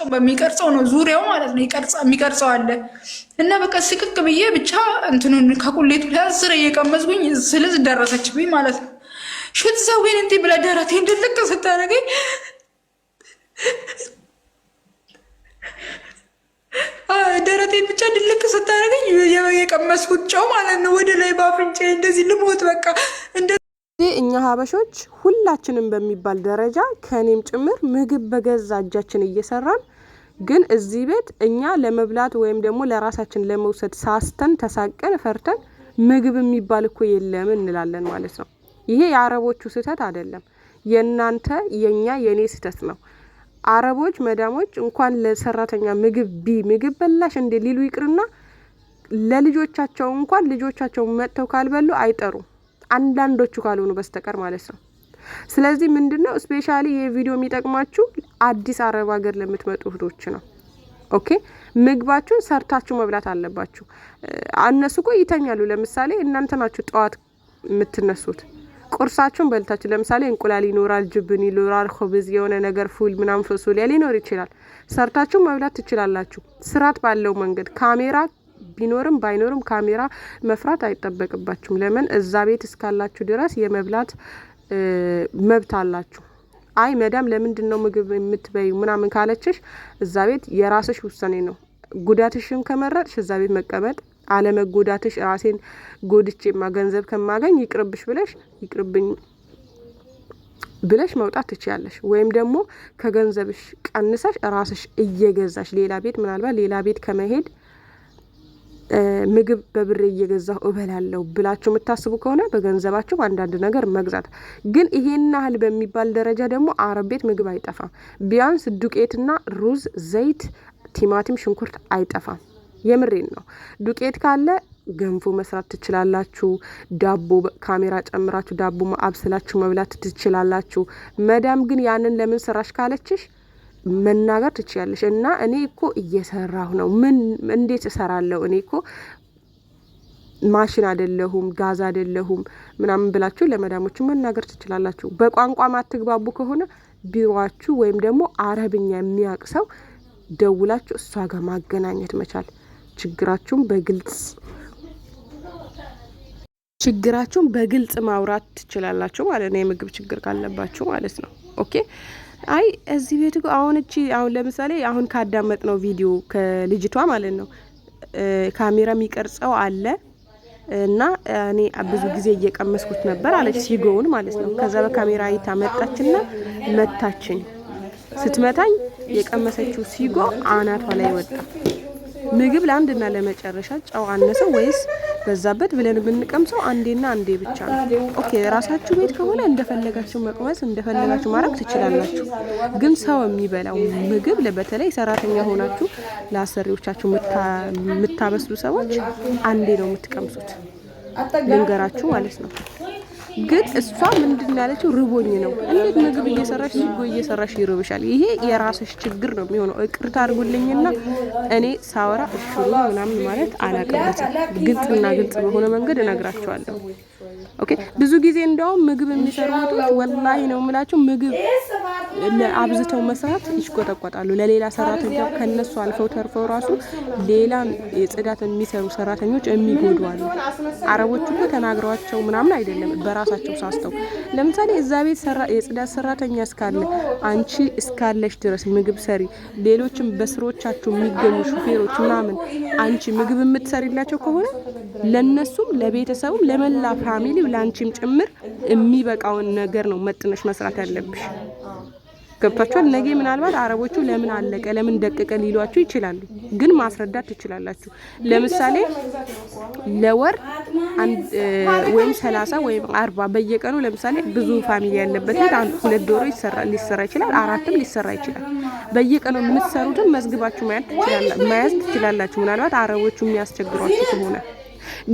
የሚቀርጸው በሚቀርጸው ነው ዙሪያው ማለት ነው ይቀርጻ የሚቀርጸው አለ እና በቃ ስቅቅ ብዬ ብቻ እንትኑን ከቁሌቱ ላይ እየቀመዝጉኝ እየቀመዝኩኝ ስልዝ ደረሰችብኝ ማለት ነው። ሹት ሰዊን እንዲህ ብለ ደረት እንድልቅ ስታደርገኝ ደረቴን ብቻ ድልቅ ስታደርገኝ የቀመስኩት ጨው ማለት ነው ወደ ላይ ባፍንጫ እንደዚህ ልሞት በቃ እንደ እኛ ሀበሾች ሁላችንም በሚባል ደረጃ ከኔም ጭምር ምግብ በገዛ እጃችን እየሰራን ግን እዚህ ቤት እኛ ለመብላት ወይም ደግሞ ለራሳችን ለመውሰድ ሳስተን ተሳቀን ፈርተን ምግብ የሚባል እኮ የለም እንላለን ማለት ነው። ይሄ የአረቦቹ ስህተት አይደለም፣ የእናንተ የእኛ የእኔ ስህተት ነው። አረቦች መዳሞች እንኳን ለሰራተኛ ምግብ ቢ ምግብ በላሽ እንዴ ሊሉ ይቅርና ለልጆቻቸው እንኳን ልጆቻቸው መጥተው ካልበሉ አይጠሩም። አንዳንዶቹ ካልሆኑ በስተቀር ማለት ነው። ስለዚህ ምንድን ነው ስፔሻሊ ይህ ቪዲዮ የሚጠቅማችሁ አዲስ አረብ ሀገር ለምትመጡ እህቶች ነው። ኦኬ ምግባችሁን ሰርታችሁ መብላት አለባችሁ። እነሱ እኮ ይተኛሉ። ለምሳሌ እናንተ ናችሁ ጠዋት የምትነሱት ቁርሳችሁን በልታችሁ ለምሳሌ እንቁላል ይኖራል፣ ጅብን ይኖራል፣ ኸብዝ የሆነ ነገር ፉል ምናምን ፈሶሊያ ሊኖር ይችላል። ሰርታችሁ መብላት ትችላላችሁ። ስርዓት ባለው መንገድ ካሜራ ቢኖርም ባይኖርም ካሜራ መፍራት አይጠበቅባችሁም። ለምን እዛ ቤት እስካላችሁ ድረስ የመብላት መብት አላችሁ። አይ መዳም ለምንድን ነው ምግብ የምትበዩ ምናምን ካለችሽ እዛ ቤት የራስሽ ውሳኔ ነው። ጉዳትሽን ከመረጥሽ እዛ ቤት መቀመጥ አለመጎዳትሽ ራሴን ጎድቼማ ገንዘብ ከማገኝ ይቅርብሽ ብለሽ ይቅርብኝ ብለሽ መውጣት ትችያለሽ። ወይም ደግሞ ከገንዘብሽ ቀንሰሽ ራስሽ እየገዛሽ ሌላ ቤት ምናልባት ሌላ ቤት ከመሄድ ምግብ በብር እየገዛሁ እበላለሁ ብላችሁ የምታስቡ ከሆነ በገንዘባችሁ አንዳንድ ነገር መግዛት ግን ይሄን ያህል በሚባል ደረጃ ደግሞ አረብ ቤት ምግብ አይጠፋም። ቢያንስ ዱቄትና ሩዝ፣ ዘይት፣ ቲማቲም፣ ሽንኩርት አይጠፋም። የምሬን ነው። ዱቄት ካለ ገንፎ መስራት ትችላላችሁ። ዳቦ ካሜራ ጨምራችሁ ዳቦ አብስላችሁ መብላት ትችላላችሁ። መዳም ግን ያንን ለምን ሰራሽ ካለችሽ መናገር ትችያለሽ እና እኔ እኮ እየሰራሁ ነው። ምን እንዴት እሰራለሁ? እኔ እኮ ማሽን አይደለሁም፣ ጋዝ አይደለሁም ምናምን ብላችሁ ለመዳሞቹ መናገር ትችላላችሁ። በቋንቋ ማትግባቡ ከሆነ ቢሮችሁ ወይም ደግሞ አረብኛ የሚያውቅ ሰው ደውላችሁ እሷ ጋር ማገናኘት መቻል ችግራችሁን በግልጽ ችግራችሁን በግልጽ ማውራት ትችላላችሁ ማለት ነው። የምግብ ችግር ካለባችሁ ማለት ነው። ኦኬ አይ እዚህ ቤት አሁን እቺ አሁን ለምሳሌ አሁን ካዳመጥ ነው ቪዲዮ ከልጅቷ ማለት ነው ካሜራ የሚቀርጸው አለ እና እኔ ብዙ ጊዜ እየቀመስኩት ነበር አለች ሲጎውን ማለት ነው። ከዛ በካሜራ አይታ መጣችና መታችኝ። ስትመታኝ የቀመሰችው ሲጎ አናቷ ላይ ወጣ። ምግብ ለአንድና ለመጨረሻ ጨው አነሰው ወይስ በዛበት ብለን ብንቀምሰው አንዴና አንዴ ብቻ ነው። ኦኬ ራሳችሁ ቤት ከሆነ እንደፈለጋችሁ መቅመስ እንደፈለጋችሁ ማድረግ ትችላላችሁ። ግን ሰው የሚበላው ምግብ በተለይ ሰራተኛ ሆናችሁ ለአሰሪዎቻችሁ የምታበስሉ ሰዎች አንዴ ነው የምትቀምሱት። ልንገራችሁ ማለት ነው። ግን እሷ ምንድን ያለችው ርቦኝ ነው። እንዴት ምግብ እየሰራሽ ዝጎ እየሰራሽ ይርብሻል? ይሄ የራስሽ ችግር ነው የሚሆነው። ይቅርታ አድርጉልኝና እኔ ሳወራ እሹ ምናምን ማለት አላቅበትም። ግልጽና ግልጽ በሆነ መንገድ እነግራቸዋለሁ። ኦኬ። ብዙ ጊዜ እንደውም ምግብ የሚሰሩ ወላሂ ነው የምላቸው ምግብ አብዝተው መስራት ይሽቆጠቆጣሉ። ለሌላ ሰራተኛ ከነሱ አልፈው ተርፈው ራሱ ሌላ የጽዳት የሚሰሩ ሰራተኞች የሚጎዷሉ። አረቦቹ እኮ ተናግረዋቸው ምናምን አይደለም፣ በራሳቸው ሳስተው። ለምሳሌ እዛ ቤት የጽዳት ሰራተኛ እስካለ አንቺ እስካለሽ ድረስ ምግብ ሰሪ፣ ሌሎችም በስሮቻቸው የሚገኙ ሹፌሮች ምናምን አንቺ ምግብ የምትሰሪላቸው ከሆነ ለነሱም ለቤተሰቡም ለመላፋ ለፋሚሊው ለአንቺም ጭምር የሚበቃውን ነገር ነው መጥነሽ መስራት ያለብሽ። ገብቷችኋል? ነገ ምናልባት አረቦቹ ለምን አለቀ ለምን ደቀቀ ሊሏችሁ ይችላሉ፣ ግን ማስረዳት ትችላላችሁ። ለምሳሌ ለወር ወይም ሰላሳ ወይም አርባ በየቀኑ ለምሳሌ ብዙ ፋሚሊ ያለበት ቤት ሁለት ዶሮ ሊሰራ ይችላል፣ አራትም ሊሰራ ይችላል። በየቀኑ የምትሰሩትን መዝግባችሁ መያዝ ትችላላችሁ። ምናልባት አረቦቹ የሚያስቸግሯችሁ ከሆነ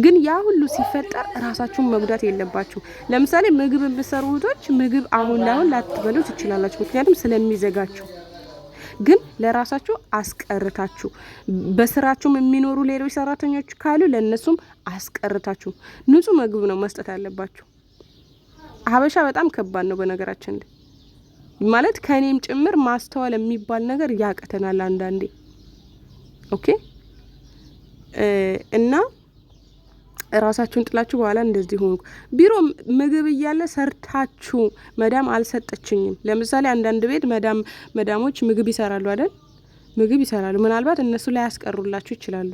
ግን ያ ሁሉ ሲፈጠር ራሳችሁን መጉዳት የለባችሁ። ለምሳሌ ምግብ ብሰሩ እህቶች ምግብ አሁን ላሁን ላትበሉ ትችላላችሁ፣ ምክንያቱም ስለሚዘጋችሁ። ግን ለራሳችሁ አስቀርታችሁ በስራችሁም የሚኖሩ ሌሎች ሰራተኞች ካሉ ለእነሱም አስቀርታችሁ ንጹህ ምግብ ነው መስጠት ያለባችሁ። ሀበሻ በጣም ከባድ ነው በነገራችን ላይ ማለት ከእኔም ጭምር ማስተዋል የሚባል ነገር ያቅተናል አንዳንዴ ኦኬ እና ራሳችሁን ጥላችሁ በኋላ እንደዚህ ሆንኩ። ቢሮ ምግብ እያለ ሰርታችሁ መዳም አልሰጠችኝም። ለምሳሌ አንዳንድ ቤት መዳም መዳሞች ምግብ ይሰራሉ አይደል? ምግብ ይሰራሉ። ምናልባት እነሱ ላይ ያስቀሩላችሁ ይችላሉ።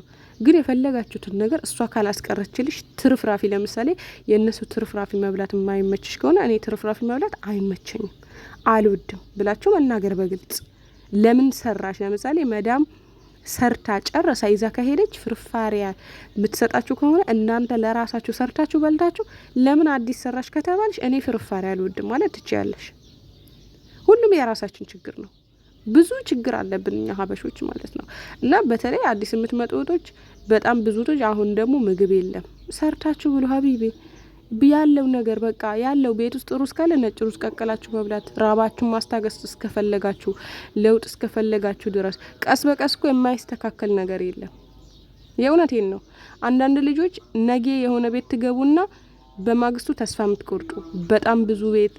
ግን የፈለጋችሁትን ነገር እሷ ካላስቀረችልሽ ትርፍራፊ፣ ለምሳሌ የእነሱ ትርፍራፊ መብላት የማይመችሽ ከሆነ እኔ ትርፍራፊ መብላት አይመቸኝም፣ አልወድም ብላችሁ መናገር በግልጽ ለምን ሰራሽ? ለምሳሌ መዳም ሰርታ ጨርሳ ይዛ ከሄደች ፍርፋሪያ የምትሰጣችሁ ከሆነ እናንተ ለራሳችሁ ሰርታችሁ በልታችሁ ለምን አዲስ ሰራሽ ከተባልሽ እኔ ፍርፋሪ አልወድም ማለት ትችያለሽ። ሁሉም የራሳችን ችግር ነው። ብዙ ችግር አለብን እኛ ሀበሾች ማለት ነው። እና በተለይ አዲስ የምትመጡ ወጦች በጣም ብዙ አሁን ደግሞ ምግብ የለም ሰርታችሁ ብሎ ሀቢቤ ያለው ነገር በቃ ያለው ቤት ውስጥ ሩዝ ካለ ነጭ ሩዝ ቀቀላችሁ መብላት፣ ራባችሁን ማስታገስ እስከፈለጋችሁ ለውጥ እስከፈለጋችሁ ድረስ ቀስ በቀስ እኮ የማይስተካከል ነገር የለም። የእውነቴን ነው። አንዳንድ ልጆች ነጌ የሆነ ቤት ትገቡና በማግስቱ ተስፋ የምትቆርጡ በጣም ብዙ ቤት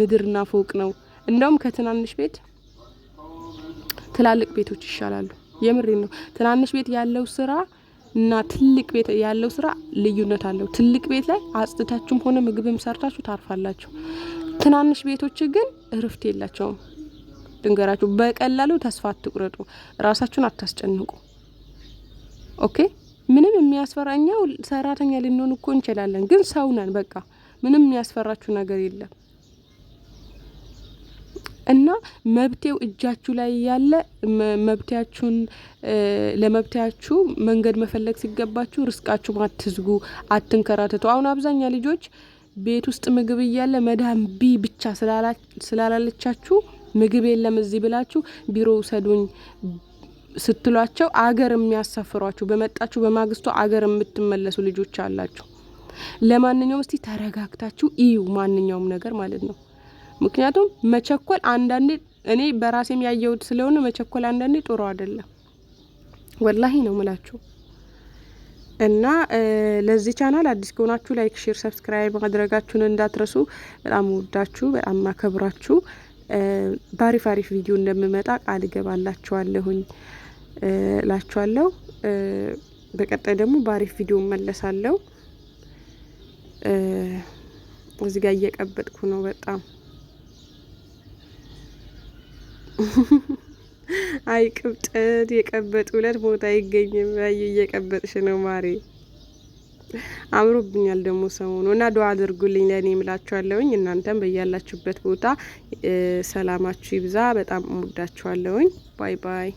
ምድርና ፎቅ ነው። እንደውም ከትናንሽ ቤት ትላልቅ ቤቶች ይሻላሉ። የምሬን ነው። ትናንሽ ቤት ያለው ስራ እና ትልቅ ቤት ያለው ስራ ልዩነት አለው። ትልቅ ቤት ላይ አጽድታችሁም ሆነ ምግብም ሰርታችሁ ታርፋላችሁ። ትናንሽ ቤቶች ግን እርፍት የላቸውም። ድንገራችሁ በቀላሉ ተስፋ አትቁረጡ። ራሳችሁን አታስጨንቁ። ኦኬ ምንም የሚያስፈራኛው ሰራተኛ ልንሆን እኮ እንችላለን፣ ግን ሰው ነን። በቃ ምንም የሚያስፈራችሁ ነገር የለም። እና መብቴው እጃችሁ ላይ ያለ መብቴያችሁን ለመብቴያችሁ መንገድ መፈለግ ሲገባችሁ ርስቃችሁ አትዝጉ፣ አትንከራተቱ። አሁን አብዛኛ ልጆች ቤት ውስጥ ምግብ እያለ መዳም ቢ ብቻ ስላላለቻችሁ ምግብ የለም እዚህ ብላችሁ ቢሮ ውሰዱኝ ስትሏቸው አገር የሚያሳፍሯችሁ በመጣችሁ በማግስቱ አገር የምትመለሱ ልጆች አላችሁ። ለማንኛውም እስቲ ተረጋግታችሁ እዩ ማንኛውም ነገር ማለት ነው። ምክንያቱም መቸኮል አንዳንዴ እኔ በራሴም ያየሁት ስለሆነ መቸኮል አንዳንዴ ጥሩ አይደለም። ወላሂ ነው ምላችሁ። እና ለዚህ ቻናል አዲስ ከሆናችሁ ላይክ፣ ሼር፣ ሰብስክራይብ ማድረጋችሁን እንዳትረሱ። በጣም ወዳችሁ በጣም ማከብራችሁ። ባሪፍ አሪፍ ቪዲዮ እንደምመጣ ቃል እገባላችኋለሁኝ ላችኋለሁ። በቀጣይ ደግሞ ባሪፍ ቪዲዮ መለሳለሁ። እዚህ ጋር እየቀበጥኩ ነው በጣም አይ ቅብጠት የቀበጥ ሁለት ቦታ አይገኝም። አይ እየቀበጥሽ ነው ማሬ። አምሮብኛል ደግሞ ሰሞኑ እና ዱዓ አድርጉልኝ ለእኔ እምላችኋለሁኝ። እናንተም በያላችሁበት ቦታ ሰላማችሁ ይብዛ። በጣም እወዳችኋለሁኝ። ባይ ባይ